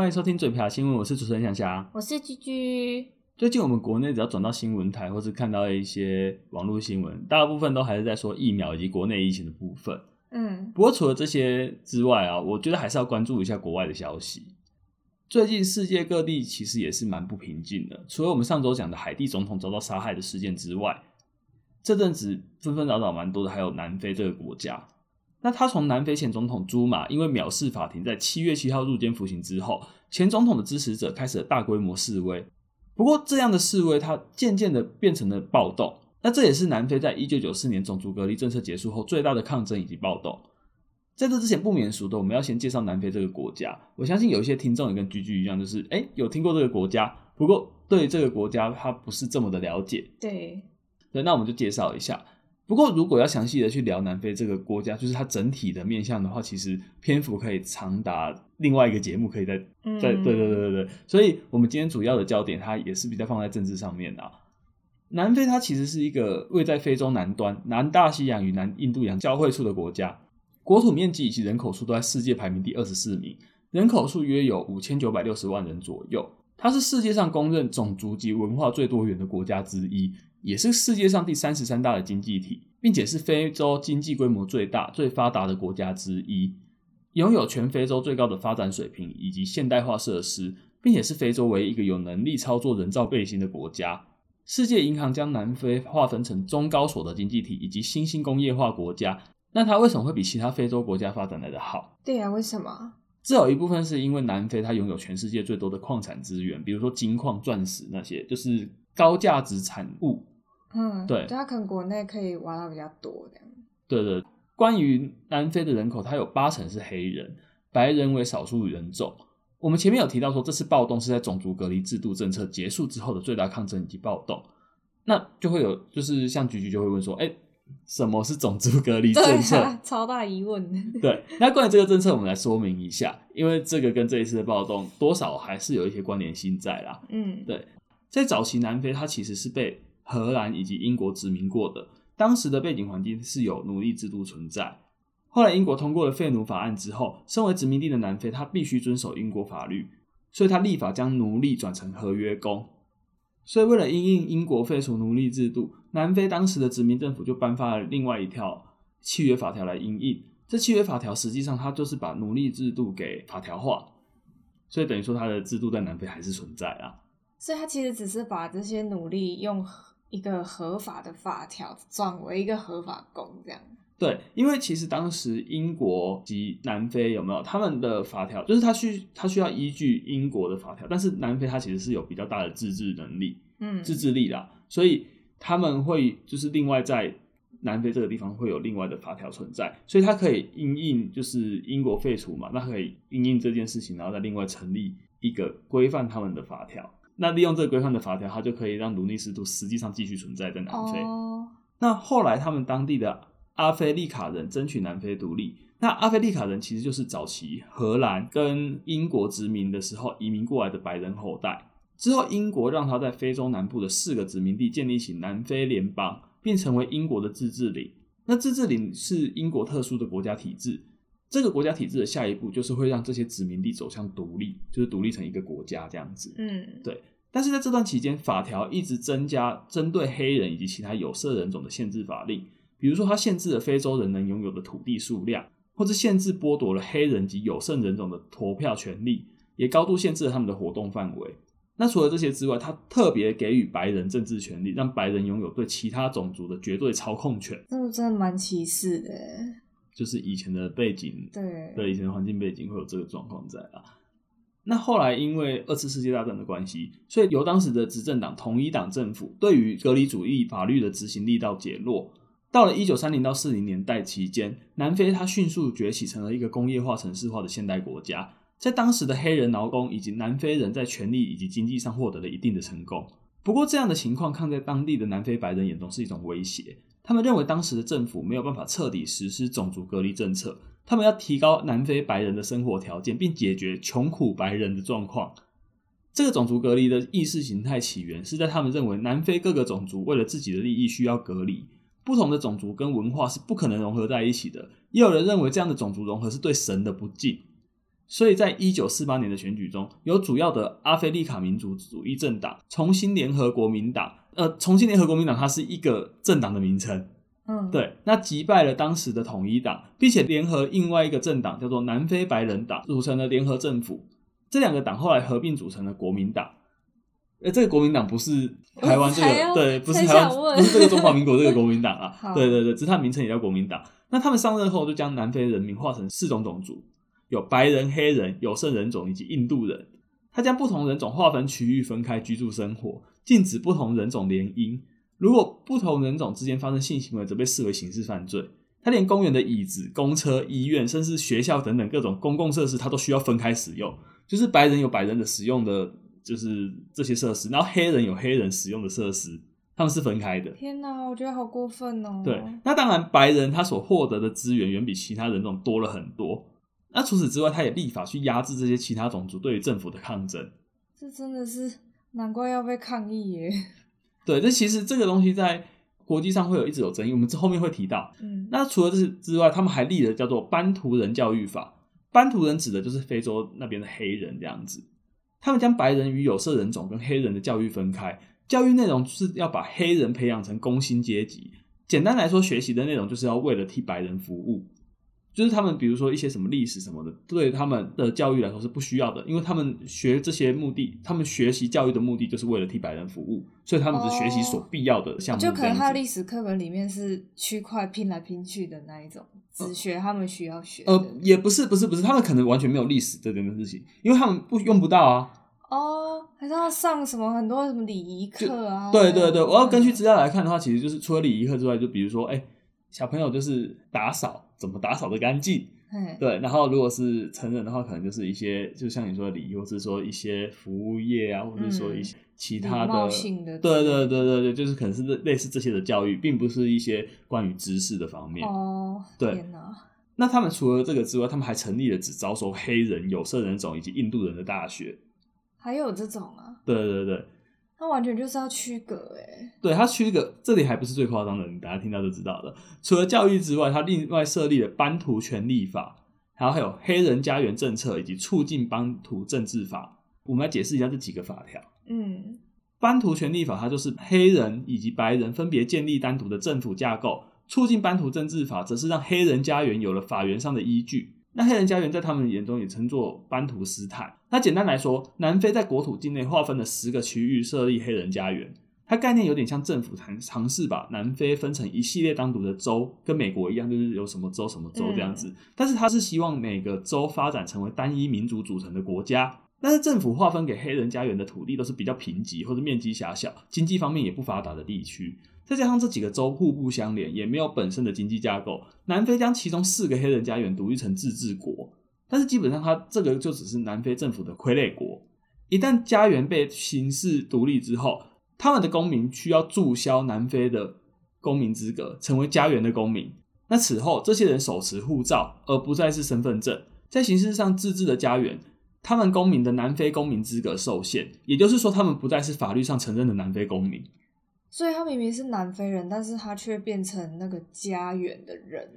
歡迎收聽嘴 ㄆㄧㄚˊ 新聞，我是主持人小霞，我是居居。最近我們國內只要轉到新聞台，或是看到一些網絡新聞，大部分都還是在說疫苗以及國內疫情的部分。嗯，不過除了這些之外啊，我覺得還是要關注一下國外的消息。最近世界各地其實也是蠻不平靜的，除了我們上周講的海地總統遭到殺害的事件之外，這陣子紛紛擾擾蠻多的，還有南非這個國家。那他從南非前總統朱馬因為藐視法庭，在七月七號入監服刑之後，前總統的支持者開始了大規模示威。不過，這樣的示威它漸漸的變成了暴動。那這也是南非在一九九四年種族隔離政策結束後最大的抗爭以及暴動。在這之前，不免俗的，我們要先介紹南非這個國家。我相信有一些聽眾也跟居居一樣，就是誒，有聽過這個國家，不過對於這個國家它不是這麼的了解。對，對，那我們就介紹一下。不過，如果要詳細的去聊南非這個國家，就是它整體的面向的話，其實篇幅可以長達另外一個節目，可以再、嗯、在在對,對對對對。所以，我們今天主要的焦點，它也是比較放在政治上面的、啊。南非它其實是一個位在非洲南端、南大西洋與南印度洋交匯處的國家，國土面積以及人口數都在世界排名第二十四名，人口數約有五千九百六十萬人左右。它是世界上公認種族及文化最多元的國家之一。也是世界上第三十三大的經濟體，並且是非洲經濟規模最大、最發達的國家之一，擁有全非洲最高的發展水平以及現代化設施，並且是非洲唯一一個有能力操作人造衛星的國家。世界銀行將南非劃分成中高所得經濟體以及新興工業化國家。那它為什麼會比其他非洲國家發展來得好？對啊，為什麼？這有一部分是因為南非它擁有全世界最多的礦產資源，比如說金礦、鑽石那些，就是。高價值產物，嗯，對，他可能國內可以玩到比較多的。對，對對，關於南非的人口，它有八成是黑人，白人為少數人種。我們前面有提到說，這次暴動是在種族隔離制度政策結束之後的最大抗爭以及暴動。那就會有，就是像菊菊就會問說：“欸，什麼是種族隔離政策？”超大疑問。對，那關於這個政策，我們來說明一下，因為這個跟這一次的暴動多少還是有一些關聯性在啦。嗯，對。在早期南非，它其實是被荷蘭以及英國殖民過的。當時的背景環境是有奴隸制度存在。後來英國通過了廢奴法案之後，身為殖民地的南非，它必須遵守英國法律，所以它立法將奴隸轉成合約工。所以為了因應英國廢除奴隸制度，南非當時的殖民政府就頒發了另外一條契約法條來因應。這契約法條實際上它就是把奴隸制度給法條化，所以等於說它的制度在南非還是存在啊。所以，他其實只是把這些努力用一個合法的法條轉為一個合法公，這樣。對，因為其實當時英國及南非有沒有他們的法條，就是他需他需要依據英國的法條，但是南非他其實是有比較大的自治能力，嗯，自治力啦，所以他們會就是另外在南非這個地方會有另外的法條存在，所以他可以因應就是英國廢除嘛，那可以因應這件事情，然後再另外成立一個規範他們的法條。那利用這個規範的法條，它就可以讓奴隸制度實際上繼續存在在南非。哦。那後來他們當地的阿非利卡人爭取南非獨立。那阿非利卡人其實就是早期荷蘭跟英國殖民的時候移民過來的白人後代。之後英國讓他在非洲南部的四個殖民地建立起南非聯邦，並成為英國的自治領。那自治領是英國特殊的國家體制。這個國家體制的下一步就是會讓這些殖民地走向獨立，就是獨立成一個國家這樣子。嗯，對。但是在這段期間，法條一直增加針對黑人以及其他有色人種的限制法令，比如說他限制了非洲人能擁有的土地數量，或者限制剝奪了黑人及有色人種的投票權利，也高度限制了他們的活動範圍。那除了這些之外，他特別給予白人政治權利，讓白人擁有對其他種族的絕對操控權。這個真的蠻歧視的。就是以前的背景，對，對以前的環境背景會有這個狀況在啊。那後來因為二次世界大戰的關係，所以由當時的執政黨統一黨政府對於隔離主義法律的執行力道減弱。到了一九三零到四零年代期間，南非它迅速崛起成了一個工業化、城市化的現代國家。在當時的黑人勞工以及南非人在權力以及經濟上獲得了一定的成功。不過這樣的情況看在當地的南非白人眼中是一種威脅。他們認為當時的政府沒有辦法徹底實施種族隔離政策，他們要提高南非白人的生活條件，並解決窮苦白人的狀況。這個種族隔離的意識形態起源是在他們認為南非各個種族為了自己的利益需要隔離，不同的種族跟文化是不可能融合在一起的。也有人認為這樣的種族融合是對神的不敬。所以在一九四八年的選舉中，有主要的阿非利卡民族主義政黨重新聯合國民黨。呃，重新聯合國民黨，它是一個政黨的名稱。嗯，對。那擊敗了當時的統一黨，並且聯合另外一個政黨，叫做南非白人黨，組成了聯合政府。這兩個黨後來合併，組成了國民黨。呃、欸，這個國民黨不是台灣這個，對，不是台灣，不是這個中華民國這個國民黨啊。 對對對，只是它名稱也叫國民黨。那他們上任後，就將南非人民劃成四種種族：有白人、黑人、有色人種以及印度人。他將不同人種劃分區域，分開居住生活。禁止不同人種聯姻。如果不同人種之間發生性行為，則被視為刑事犯罪。他連公園的椅子、公車、醫院，甚至學校等等各種公共設施，它都需要分開使用。就是白人有白人的使用的，就是這些設施；然後黑人有黑人使用的設施，他們是分開的。天哪，我覺得好過分哦！對，那當然，白人他所獲得的資源遠比其他人種多了很多。那除此之外，他也立法去壓制這些其他種族對於政府的抗爭。這真的是。難怪要被抗議耶！對，這其實這個東西在國際上會有一直有爭議，我們這後面會提到。嗯，那除了這之外，他們還立了叫做班圖人教育法。班圖人指的就是非洲那邊的黑人這樣子。他們將白人與有色人種跟黑人的教育分開，教育內容是要把黑人培養成工薪階級。簡單來說，學習的內容就是要為了替白人服務。就是他們，比如說一些什麼歷史什麼的，對他們的教育來說是不需要的，因為他們學這些目的，他們學習教育的目的就是為了替白人服務，所以他們只學習所必要的項目。哦。就可能他歷史課本裡面是區塊拼來拼去的那一種，只學他們需要學呃。呃，也不是，不是，不是，他們可能完全沒有歷史這件的事情，因為他們不用不到啊。哦，還是要上什麼很多什麼禮儀課啊？對，對對對，我要根據資料來看的話、嗯，其實就是除了禮儀課之外，就比如說，哎、欸。小朋友就是打掃，怎麼打掃的乾淨？對，然後如果是成人的話，可能就是一些，就像你說的禮儀，或是說一些服務業啊，或者說一些其他的。的、嗯。對對對對對，就是可能是類似這些的教育，並不是一些關於知識的方面。哦，對。天哪。那他們除了這個之外，他們還成立了只招收黑人、有色人種以及印度人的大學。還有這種啊？對對對。他完全就是要區隔哎，對，他區隔。這裡還不是最誇張的，大家聽到就知道了。除了教育之外，他另外設立了班圖權利法，然後還有黑人家園政策以及促進班圖政治法。我們來解釋一下這幾個法條。嗯，班圖權利法它就是黑人以及白人分別建立單獨的政府架構，促進班圖政治法則是讓黑人家園有了法源上的依據。那黑人家園在他們眼中也稱作班圖斯坦。那簡單來說，南非在國土境內劃分了十個區域設立黑人家園。它概念有點像政府談嘗試把南非分成一系列單獨的州，跟美國一樣，就是有什麼州什麼州這樣子。嗯、但是它是希望每個州發展成為單一民族組成的國家。但是政府劃分給黑人家園的土地都是比較貧瘠或者面積狹小、經濟方面也不發達的地區。再加上這幾個州互不相連，也沒有本身的經濟架構。南非將其中四個黑人家園獨立成自治國，但是基本上它這個就只是南非政府的傀儡國。一旦家園被形式獨立之後，他們的公民需要註銷南非的公民資格，成為家園的公民。那此後這些人手持護照，而不再是身份證，在形式上自治的家園，他們公民的南非公民資格受限，也就是說，他們不再是法律上承認的南非公民。所以他明明是南非人，但是他卻變成那個家園的人。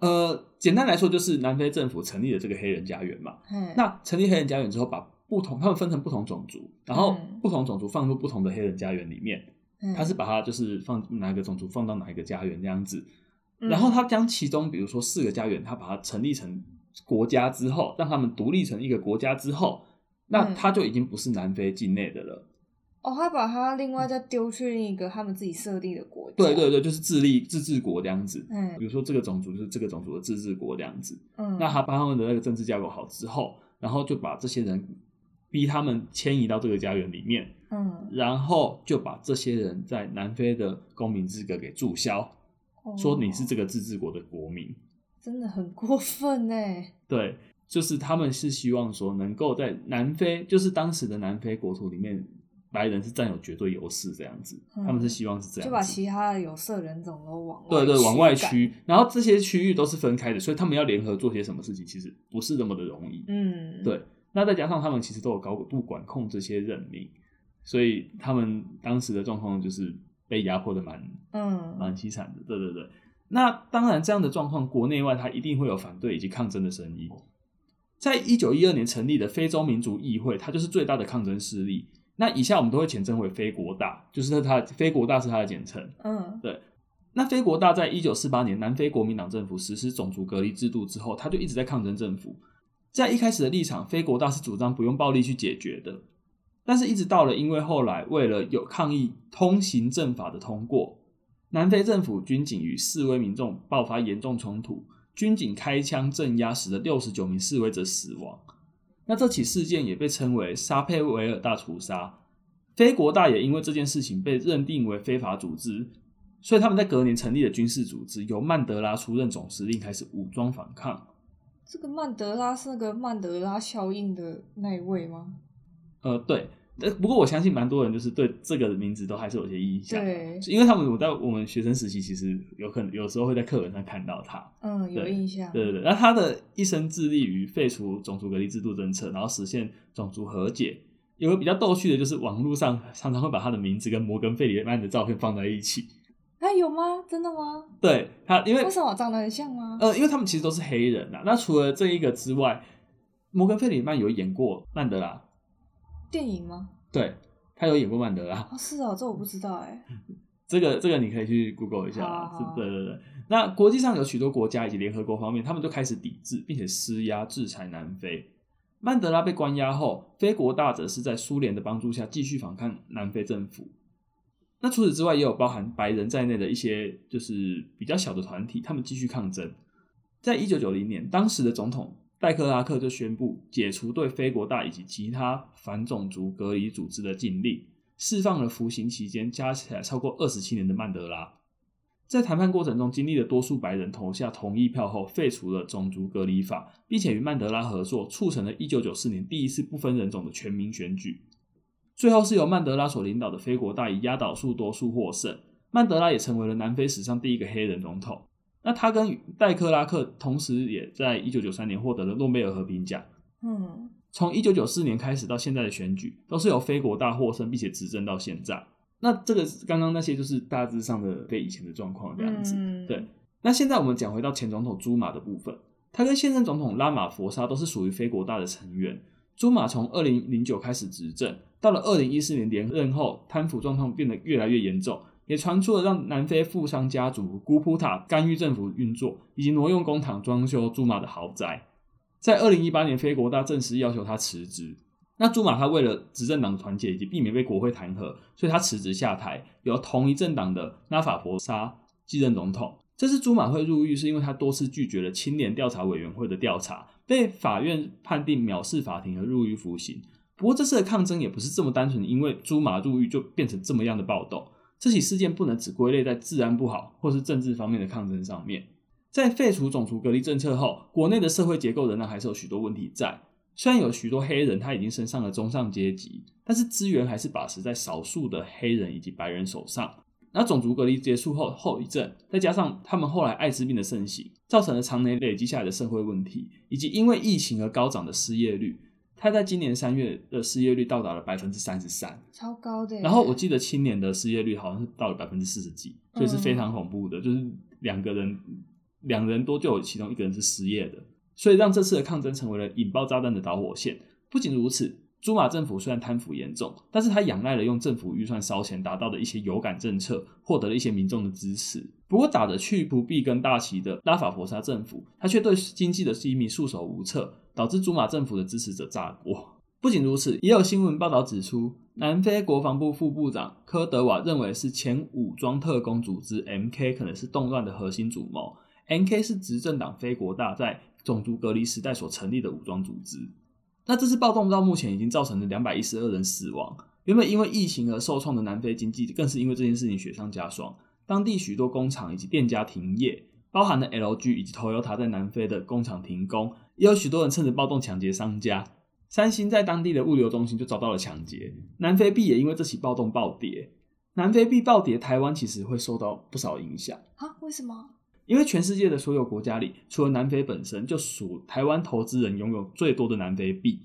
呃，簡單來說就是南非政府成立了這個黑人家園嘛。嗯。那成立黑人家園之後，把不同他們分成不同種族，然後不同種族放入不同的黑人家園裡面。嗯。他是把他就是放哪一個種族放到哪一個家園這樣子。嗯。然後他將其中比如說四個家園，他把它成立成國家之後，讓他們獨立成一個國家之後，那他就已經不是南非境內的了。哦、oh，他把他另外再丟去另一個他們自己設定的國家。對對對，就是自立自治國這樣子。嗯、欸，比如說這個種族就是這個種族的自治國這樣子。嗯，那他把他們的那個政治架構好之後，然後就把這些人逼他們遷移到這個家園裡面。嗯，然後就把這些人在南非的公民資格給註銷、嗯，說你是這個自治國的國民，真的很過分呢、欸。對，就是他們是希望說能夠在南非，就是當時的南非國土裡面。白人是佔有絕對優勢，這樣子，嗯，他們是希望是這樣，就把其他的有色人種都往對對，對往外驅，然後這些區域都是分開的，所以他們要聯合做些什麼事情，其實不是那麼的容易。嗯，對。那再加上他們其實都有高度管控這些人民，所以他們當時的狀況就是被壓迫的蠻嗯蠻淒慘的。對對對。那當然，這樣的狀況國內外他一定會有反對以及抗爭的聲音。在一九一二年成立的非洲民族議會，它就是最大的抗爭勢力。那以下我們都會簡稱為非國大，就是它非國大是它的簡稱。嗯，對。那非國大在一九四八年南非國民黨政府實施種族隔離制度之後，他就一直在抗爭政府。在一開始的立場，非國大是主張不用暴力去解決的，但是一直到了，因為後來為了有抗議通行政法的通過，南非政府軍警與示威民眾爆發嚴重衝突，軍警開槍鎮壓，使得六十九名示威者死亡。那這起事件也被稱為沙佩維爾大屠殺，非國大也因為這件事情被認定為非法組織，所以他們在隔年成立了軍事組織，由曼德拉出任總司令，開始武裝反抗。這個曼德拉是那個曼德拉效應的那一位嗎？呃，對。但不過我相信蠻多人就是對這個名字都還是有些印象，對，因為他們我在我們學生時期其實有可能有時候會在課本上看到他，嗯，有印象，對對對。那他的一生致力於廢除種族隔離制度政策，然後實現種族和解。有個比較逗趣的，就是網絡上常常會把他的名字跟摩根·費里曼的照片放在一起。還、啊、有嗎？真的嗎？對他，因為為什麼長得很像嗎？呃，因為他們其實都是黑人啊。那除了這一個之外，摩根·費里曼有演過曼德拉。電影嗎？對，他有演過曼德拉。哦、是啊，這我不知道哎、欸。 這個這個你可以去 Google 一下啊。好啊，好啊。是，對對對。那國際上有許多國家以及聯合國方面，他們就開始抵制並且施壓制裁南非。曼德拉被關押後，非國大則是在蘇聯的幫助下繼續反抗南非政府。那除此之外，也有包含白人在內的一些就是比較小的團體，他們繼續抗爭。在一九九零年，當時的總統。戴克拉克就宣布解除對非國大以及其他反種族隔離組織的禁令，釋放了服刑期間加起來超過二十七年的曼德拉。在談判過程中，經歷了多數白人投下同意票後，廢除了種族隔離法，並且與曼德拉合作，促成了1994年第一次不分人種的全民選舉。最後是由曼德拉所領導的非國大以壓倒數多數獲勝，曼德拉也成為了南非史上第一個黑人總統。那他跟戴克拉克同時也在一九九三年獲得了諾貝爾和平獎。嗯，從一九九四年開始到現在的選舉，都是由非國大獲勝並且執政到現在。那這個剛剛那些就是大致上的跟以前的狀況這樣子，嗯。對，那現在我們講回到前總統朱馬的部分，他跟現任總統拉瑪佛沙都是屬於非國大的成員。朱馬從二零零九開始執政，到了二零一四年連任後，貪腐狀況變得越來越嚴重。也傳出了讓南非富商家族古普塔干預政府運作，以及挪用公帑裝修朱瑪的豪宅。在二零一八年，非國大正式要求他辭職。那朱瑪他為了執政黨的團結以及避免被國會彈劾，所以他辭職下台，由同一政黨的拉法婆沙繼任總統。這次朱馬會入獄，是因為他多次拒絕了清廉調查委員會的調查，被法院判定藐視法庭而入獄服刑。不過，這次的抗爭也不是這麼單純，因為朱瑪入獄就變成這麼樣的暴動。這起事件不能只歸類在治安不好或是政治方面的抗爭上面。在廢除種族隔離政策後，國內的社會結構仍然還是有許多問題在。雖然有許多黑人他已經升上了中上階級，但是資源還是把持在少數的黑人以及白人手上。那種族隔離結束後後遺症，再加上他們後來艾滋病的盛行，造成了長年累積下來的社會問題，以及因為疫情而高漲的失業率。他在今年三月的失業率到達了百分之三十三，超高的。然後我記得青年的失業率好像是到了百分之四十幾，所以是非常恐怖的。嗯、就是兩個人，兩人多就有其中一個人是失業的，所以讓這次的抗爭成為了引爆炸彈的導火線。不僅如此，朱馬政府雖然貪腐嚴重，但是他仰賴了用政府預算燒錢達到的一些有感政策，獲得了一些民眾的支持。不過打着去不避根大旗的拉法佛沙政府，他卻對經濟的低迷束手無策。導致祖馬政府的支持者炸鍋。不僅如此，也有新聞報道指出，南非國防部副部長科德瓦認為是前武裝特工組織 MK 可能是動亂的核心主謀。MK 是執政黨非國大在種族隔離時代所成立的武裝組織。那這次暴動到目前已經造成了兩百一十二人死亡。原本因為疫情而受創的南非經濟更是因為這件事情雪上加霜，當地許多工廠以及店家停業，包含了 LG 以及 Toyota 在南非的工廠停工。也有許多人趁着暴動搶劫商家，三星在當地的物流中心就遭到了搶劫。南非幣也因為這起暴動暴跌，南非幣暴跌，台灣其實會受到不少影響啊？為什麼？因為全世界的所有國家裡，除了南非本身，就屬台灣投資人擁有最多的南非幣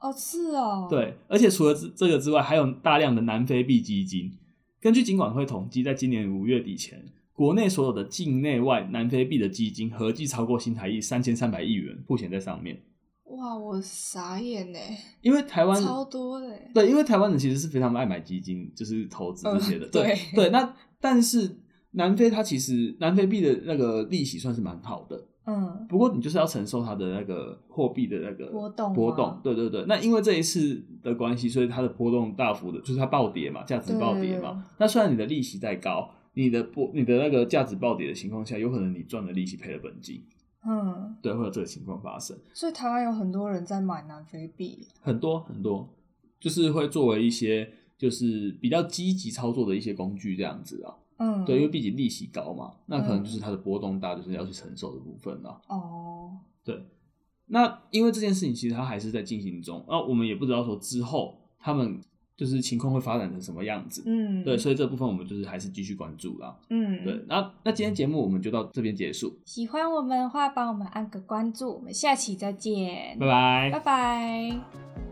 哦。是哦，對，而且除了這這個之外，還有大量的南非幣基金。根據金管會統計，在今年五月底前。國內所有的境內外南非幣的基金合計超過新台幣三千三百億元，付錢在上面。哇，我傻眼呢！因為台灣超多嘞。對，因為台灣人其實是非常愛買基金，就是投資這些的。嗯、對對，對，那但是南非它其實南非幣的那個利息算是蠻好的。嗯。不過你就是要承受它的那個貨幣的那個波動。波動、啊。對對對。那因為這一次的關係，所以它的波動大幅的，就是它暴跌嘛，價值暴跌嘛對對對。那雖然你的利息再高，你的波，你的那個價值暴跌的情況下，有可能你賺了利息，賠了本金。嗯，對，會有這個情況發生。所以台灣有很多人在買南非幣，很多很多，就是會作為一些就是比較積極操作的一些工具這樣子啊。嗯，對，因為畢竟利息高嘛，那可能就是它的波動大，就是要去承受的部分了、啊。哦、嗯，對，那因為這件事情其實它還是在進行中，那、啊、我們也不知道說之後他們。就是情況會發展成什麼樣子，嗯，對，所以這部分我們就是還是繼續關注啦。嗯，對，那那今天節目我們就到這邊結束。喜歡我們的話，幫我們按個關注，我們下期再見，拜拜，拜拜。